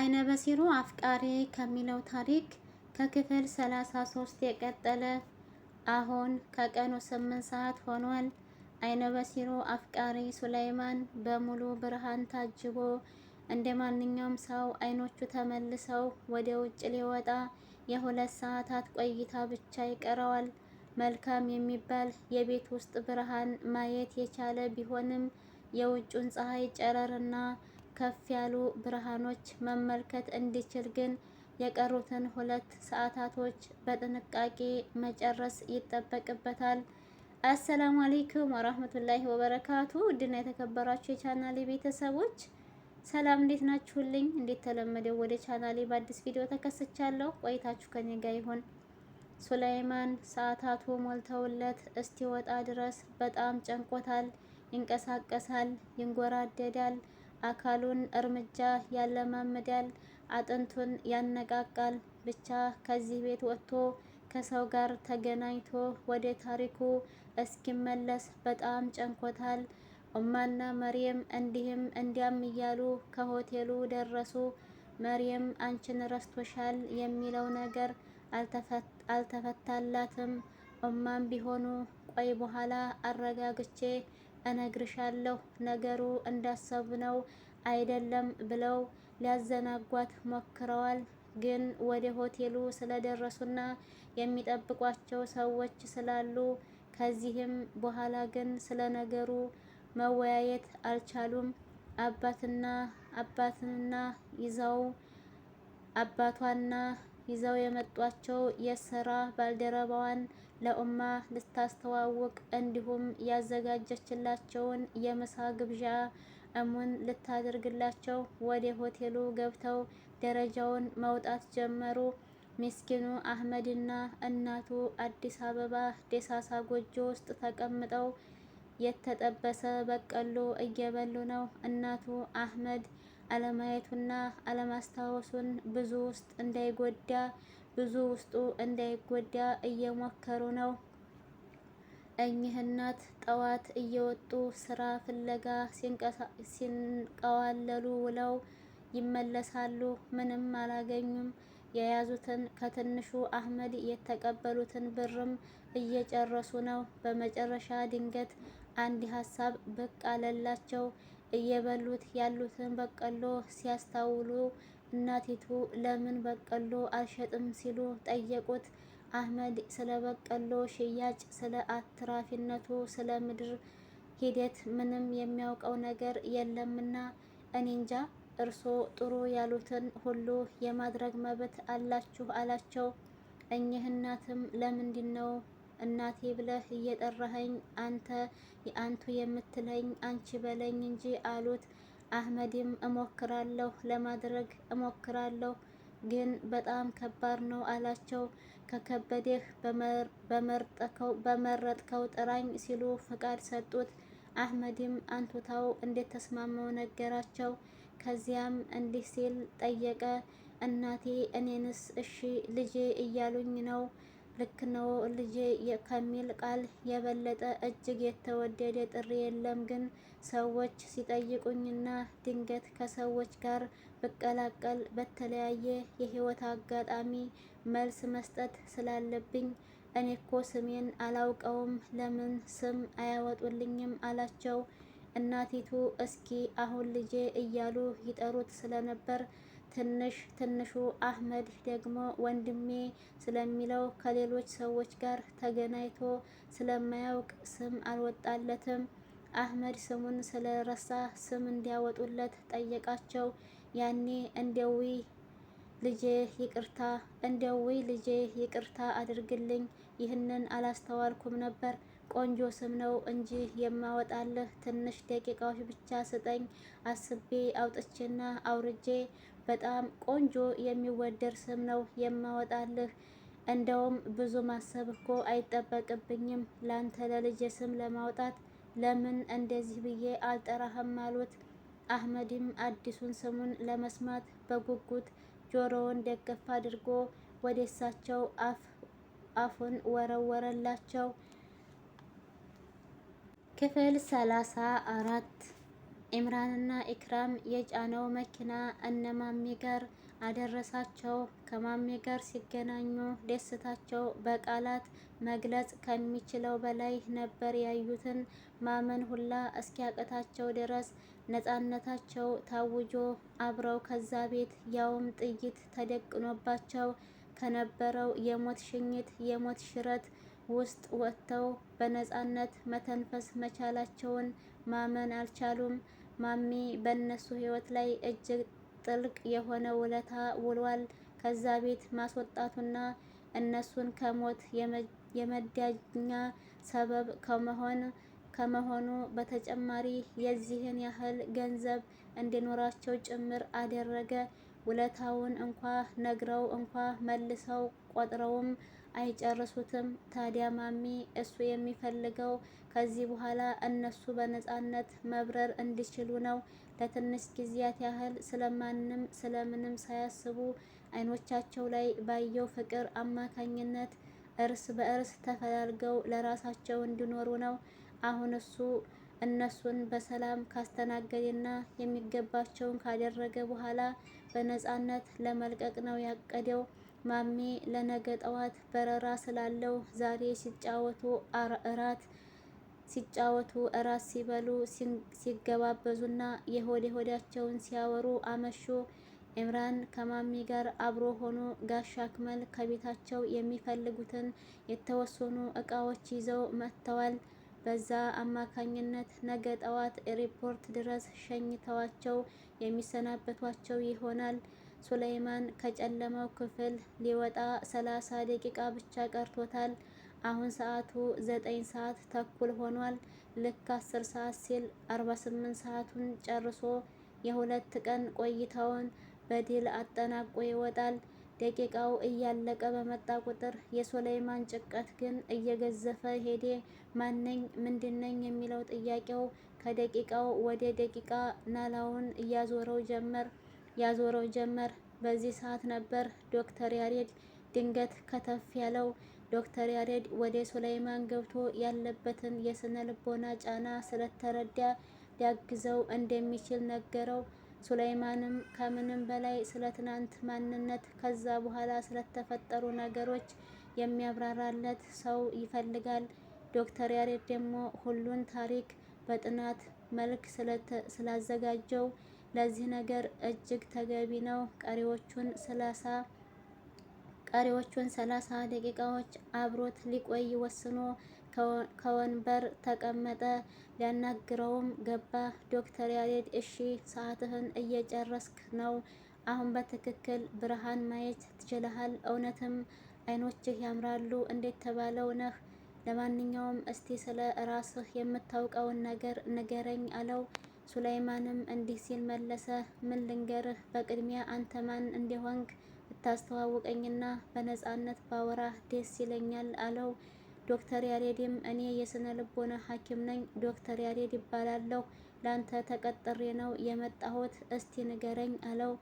አይነ በሲሩ አፍቃሪ ከሚለው ታሪክ ከክፍል 33 የቀጠለ። አሁን ከቀኑ 8 ሰዓት ሆኗል። አይነ በሲሩ አፍቃሪ ሱላይማን በሙሉ ብርሃን ታጅቦ እንደ ማንኛውም ሰው አይኖቹ ተመልሰው ወደ ውጭ ሊወጣ የሁለት ሰዓታት ቆይታ ብቻ ይቀረዋል። መልካም የሚባል የቤት ውስጥ ብርሃን ማየት የቻለ ቢሆንም የውጩን ፀሐይ ጨረርና ከፍ ያሉ ብርሃኖች መመልከት እንዲችል ግን የቀሩትን ሁለት ሰዓታቶች በጥንቃቄ መጨረስ ይጠበቅበታል። አሰላሙ አሌይኩም ወራህመቱላሂ ወበረካቱ። ውድና የተከበራችሁ የቻናሌ ቤተሰቦች ሰላም እንዴት ናችሁልኝ? እንዴት ተለመደው ወደ ቻናሌ በአዲስ ቪዲዮ ተከስቻለሁ። ቆይታችሁ ከኔ ጋር ይሁን። ሱላይማን ሰዓታቱ ሞልተውለት እስኪወጣ ድረስ በጣም ጨንቆታል። ይንቀሳቀሳል፣ ይንጎራደዳል። አካሉን እርምጃ ያለማመዳል አጥንቱን ያነቃቃል። ብቻ ከዚህ ቤት ወጥቶ ከሰው ጋር ተገናኝቶ ወደ ታሪኩ እስኪመለስ በጣም ጨንኮታል። ኡማና መርየም እንዲህም እንዲያም እያሉ ከሆቴሉ ደረሱ። መርየም አንቺን ረስቶሻል የሚለው ነገር አልተፈታላትም። ኡማም ቢሆኑ ቆይ በኋላ አረጋግቼ እነግርሻለሁ ነገሩ እንዳሰብነው አይደለም ብለው ሊያዘናጓት ሞክረዋል። ግን ወደ ሆቴሉ ስለደረሱና የሚጠብቋቸው ሰዎች ስላሉ ከዚህም በኋላ ግን ስለ ነገሩ መወያየት አልቻሉም። አባትና አባትና ይዘው አባቷና ይዘው የመጧቸው የስራ ባልደረባዋን ለኡማ ልታስተዋውቅ እንዲሁም ያዘጋጀችላቸውን የምሳ ግብዣ እሙን ልታደርግላቸው ወደ ሆቴሉ ገብተው ደረጃውን መውጣት ጀመሩ። ምስኪኑ አህመድና እናቱ አዲስ አበባ ደሳሳ ጎጆ ውስጥ ተቀምጠው የተጠበሰ በቀሎ እየበሉ ነው። እናቱ አህመድ አለማየቱና አለማስታወሱን ብዙ ውስጥ እንዳይጎዳ ብዙ ውስጡ እንዳይጎዳ እየሞከሩ ነው። እኚህ እናት ጠዋት እየወጡ ስራ ፍለጋ ሲንቀዋለሉ ውለው ይመለሳሉ። ምንም አላገኙም። የያዙትን ከትንሹ አህመድ የተቀበሉትን ብርም እየጨረሱ ነው። በመጨረሻ ድንገት አንድ ሀሳብ ብቅ አለላቸው። እየበሉት ያሉትን በቀሎ ሲያስታውሉ እናቲቱ ለምን በቀሎ አልሸጥም ሲሉ ጠየቁት። አህመድ ስለ በቀሎ ሽያጭ፣ ስለ አትራፊነቱ፣ ስለ ምድር ሂደት ምንም የሚያውቀው ነገር የለምና እኔ እንጃ እርሶ ጥሩ ያሉትን ሁሉ የማድረግ መብት አላችሁ አላቸው። እኚህ እናትም ለምንድን ነው እናቴ ብለህ እየጠራኸኝ አንተ የአንቱ የምትለኝ አንቺ በለኝ እንጂ አሉት። አህመድም እሞክራለሁ ለማድረግ እሞክራለሁ ግን በጣም ከባድ ነው አላቸው። ከከበደህ በመረጥከው ጥራኝ ሲሉ ፍቃድ ሰጡት። አህመድም አንቱታው እንዴት ተስማመው ነገራቸው። ከዚያም እንዲህ ሲል ጠየቀ፣ እናቴ እኔንስ እሺ ልጄ እያሉኝ ነው ልክ ነው ልጄ ከሚል ቃል የበለጠ እጅግ የተወደደ ጥሪ የለም። ግን ሰዎች ሲጠይቁኝና ድንገት ከሰዎች ጋር ብቀላቀል በተለያየ የህይወት አጋጣሚ መልስ መስጠት ስላለብኝ እኔ እኮ ስሜን አላውቀውም፣ ለምን ስም አያወጡልኝም አላቸው። እናቲቱ እስኪ አሁን ልጄ እያሉ ይጠሩት ስለነበር ትንሽ ትንሹ አህመድ ደግሞ ወንድሜ ስለሚለው ከሌሎች ሰዎች ጋር ተገናኝቶ ስለማያውቅ ስም አልወጣለትም። አህመድ ስሙን ስለረሳ ስም እንዲያወጡለት ጠየቃቸው። ያኔ እንደዊ ልጄ ይቅርታ እንደዊ ልጄ ይቅርታ አድርግልኝ፣ ይህንን አላስተዋልኩም ነበር። ቆንጆ ስም ነው እንጂ የማወጣልህ፣ ትንሽ ደቂቃዎች ብቻ ስጠኝ። አስቤ አውጥቼና አውርጄ በጣም ቆንጆ የሚወደድ ስም ነው የማወጣልህ። እንደውም ብዙ ማሰብ እኮ አይጠበቅብኝም ላንተ ለልጅ ስም ለማውጣት። ለምን እንደዚህ ብዬ አልጠራህም አሉት። አህመድም አዲሱን ስሙን ለመስማት በጉጉት ጆሮውን ደገፍ አድርጎ ወደ እሳቸው አፉን ወረወረላቸው። ክፍል ሰላሳ አራት ኢምራንና ኢክራም የጫነው መኪና እነ ማሚ ጋር አደረሳቸው። ከማሚ ጋር ሲገናኙ ደስታቸው በቃላት መግለጽ ከሚችለው በላይ ነበር። ያዩትን ማመን ሁላ እስኪያቀታቸው ድረስ ነፃነታቸው ታውጆ አብረው ከዛ ቤት ያውም ጥይት ተደቅኖባቸው ከነበረው የሞት ሽኝት የሞት ሽረት ውስጥ ወጥተው በነጻነት መተንፈስ መቻላቸውን ማመን አልቻሉም። ማሚ በእነሱ ሕይወት ላይ እጅግ ጥልቅ የሆነ ውለታ ውሏል። ከዛ ቤት ማስወጣቱና እነሱን ከሞት የመዳኛ ሰበብ ከመሆን ከመሆኑ በተጨማሪ የዚህን ያህል ገንዘብ እንዲኖራቸው ጭምር አደረገ። ውለታውን እንኳ ነግረው እንኳ መልሰው ቆጥረውም አይጨርሱትም። ታዲያ ማሚ እሱ የሚፈልገው ከዚህ በኋላ እነሱ በነጻነት መብረር እንዲችሉ ነው። ለትንሽ ጊዜያት ያህል ስለማንም ስለምንም ሳያስቡ አይኖቻቸው ላይ ባየው ፍቅር አማካኝነት እርስ በእርስ ተፈላልገው ለራሳቸው እንዲኖሩ ነው። አሁን እሱ እነሱን በሰላም ካስተናገደና የሚገባቸውን ካደረገ በኋላ በነጻነት ለመልቀቅ ነው ያቀደው። ማሜ ለነገ ጠዋት በረራ ስላለው ዛሬ ሲጫወቱ እራት ሲጫወቱ እራት ሲበሉ ሲገባበዙና የሆዴ ሆዳቸውን ሲያወሩ አመሹ። ኤምራን ከማሚ ጋር አብሮ ሆኖ ጋሽ አክመል ከቤታቸው የሚፈልጉትን የተወሰኑ እቃዎች ይዘው መጥተዋል። በዛ አማካኝነት ነገ ጠዋት ኤርፖርት ድረስ ሸኝተዋቸው የሚሰናበቷቸው ይሆናል። ሱለይማን ከጨለማው ክፍል ሊወጣ ሰላሳ ደቂቃ ብቻ ቀርቶታል። አሁን ሰዓቱ ዘጠኝ ሰዓት ተኩል ሆኗል። ልክ አስር ሰዓት ሲል 48 ሰዓቱን ጨርሶ የሁለት ቀን ቆይታውን በድል አጠናቆ ይወጣል። ደቂቃው እያለቀ በመጣ ቁጥር የሱለይማን ጭንቀት ግን እየገዘፈ ሄዴ። ማነኝ ምንድነኝ የሚለው ጥያቄው ከደቂቃው ወደ ደቂቃ ናላውን እያዞረው ጀመር። ያዞረው ጀመር። በዚህ ሰዓት ነበር ዶክተር ያሬድ ድንገት ከተፍ ያለው። ዶክተር ያሬድ ወደ ሱላይማን ገብቶ ያለበትን የስነ ልቦና ጫና ስለተረዳ ሊያግዘው እንደሚችል ነገረው። ሱላይማንም ከምንም በላይ ስለ ትናንት ማንነት ከዛ በኋላ ስለተፈጠሩ ነገሮች የሚያብራራለት ሰው ይፈልጋል። ዶክተር ያሬድ ደግሞ ሁሉን ታሪክ በጥናት መልክ ስላዘጋጀው ለዚህ ነገር እጅግ ተገቢ ነው። ቀሪዎቹን ሰላሳ ቀሪዎቹን ሰላሳ ደቂቃዎች አብሮት ሊቆይ ወስኖ ከወንበር ተቀመጠ። ሊያናግረውም ገባ። ዶክተር ያሬድ እሺ፣ ሰዓትህን እየጨረስክ ነው። አሁን በትክክል ብርሃን ማየት ትችልሃል። እውነትም አይኖችህ ያምራሉ። እንዴት ተባለው ነህ? ለማንኛውም እስቲ ስለ ራስህ የምታውቀውን ነገር ንገረኝ አለው። ሱላይማንም እንዲህ ሲል መለሰ፣ ምን ልንገርህ፣ በቅድሚያ አንተ ማን እንደሆንክ ብታስተዋውቀኝና በነጻነት ባወራ ደስ ይለኛል አለው። ዶክተር ያሬድም እኔ የስነ ልቦና ሐኪም ነኝ፣ ዶክተር ያሬድ ይባላለሁ። ላንተ ተቀጥሬ ነው የመጣሁት። እስቲ ንገረኝ አለው።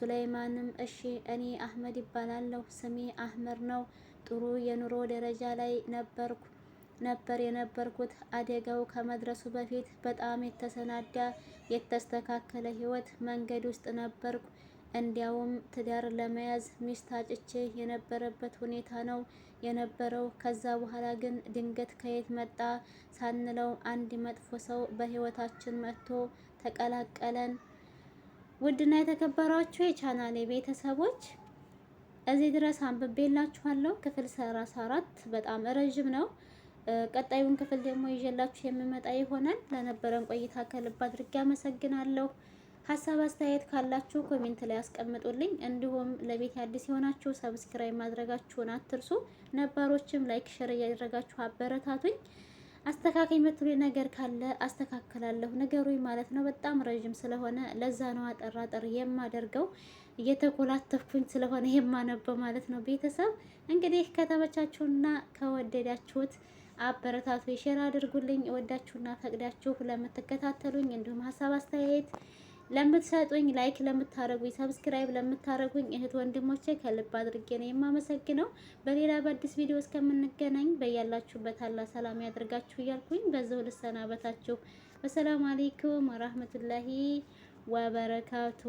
ሱላይማንም እሺ፣ እኔ አህመድ ይባላለሁ። ስሜ አህመድ ነው። ጥሩ የኑሮ ደረጃ ላይ ነበርኩ። ነበር የነበርኩት። አደጋው ከመድረሱ በፊት በጣም የተሰናዳ የተስተካከለ ህይወት መንገድ ውስጥ ነበርኩ። እንዲያውም ትዳር ለመያዝ ሚስት አጭቼ የነበረበት ሁኔታ ነው የነበረው። ከዛ በኋላ ግን ድንገት ከየት መጣ ሳንለው አንድ መጥፎ ሰው በህይወታችን መጥቶ ተቀላቀለን። ውድና የተከበራችሁ የቻናሌ ቤተሰቦች እዚህ ድረስ አንብቤላችኋለሁ። ክፍል ሰላሳ አራት በጣም ረዥም ነው። ቀጣዩን ክፍል ደግሞ ይዤላችሁ የምመጣ ይሆናል። ለነበረን ቆይታ ከልብ አድርጌ አመሰግናለሁ። ሀሳብ አስተያየት ካላችሁ ኮሜንት ላይ አስቀምጡልኝ። እንዲሁም ለቤት አዲስ የሆናችሁ ሰብስክራይብ ማድረጋችሁን አትርሱ። ነባሮችም ላይክ፣ ሸር እያደረጋችሁ አበረታቱኝ። አስተካካይ መትሉ ነገር ካለ አስተካክላለሁ ነገሩኝ ማለት ነው። በጣም ረዥም ስለሆነ ለዛ ነው አጠር አጠር የማደርገው እየተኮላተፍኩኝ ስለሆነ የማነበው ማለት ነው። ቤተሰብ እንግዲህ ከተመቻችሁና ከወደዳችሁት አበረታቱ፣ ሼር አድርጉልኝ። ወዳችሁና ፈቅዳችሁ ለምትከታተሉኝ እንዲሁም ሀሳብ አስተያየት ለምትሰጡኝ፣ ላይክ ለምታረጉኝ፣ ሰብስክራይብ ለምታረጉኝ እህት ወንድሞቼ ከልብ አድርጌ ነው የማመሰግነው። በሌላ በአዲስ ቪዲዮ እስከምንገናኝ በያላችሁበት አላ ሰላም ያደርጋችሁ እያልኩኝ በዛው ልሰናበታችሁ። ወሰላሙ አሌይኩም ወራህመቱላሂ ወበረካቱ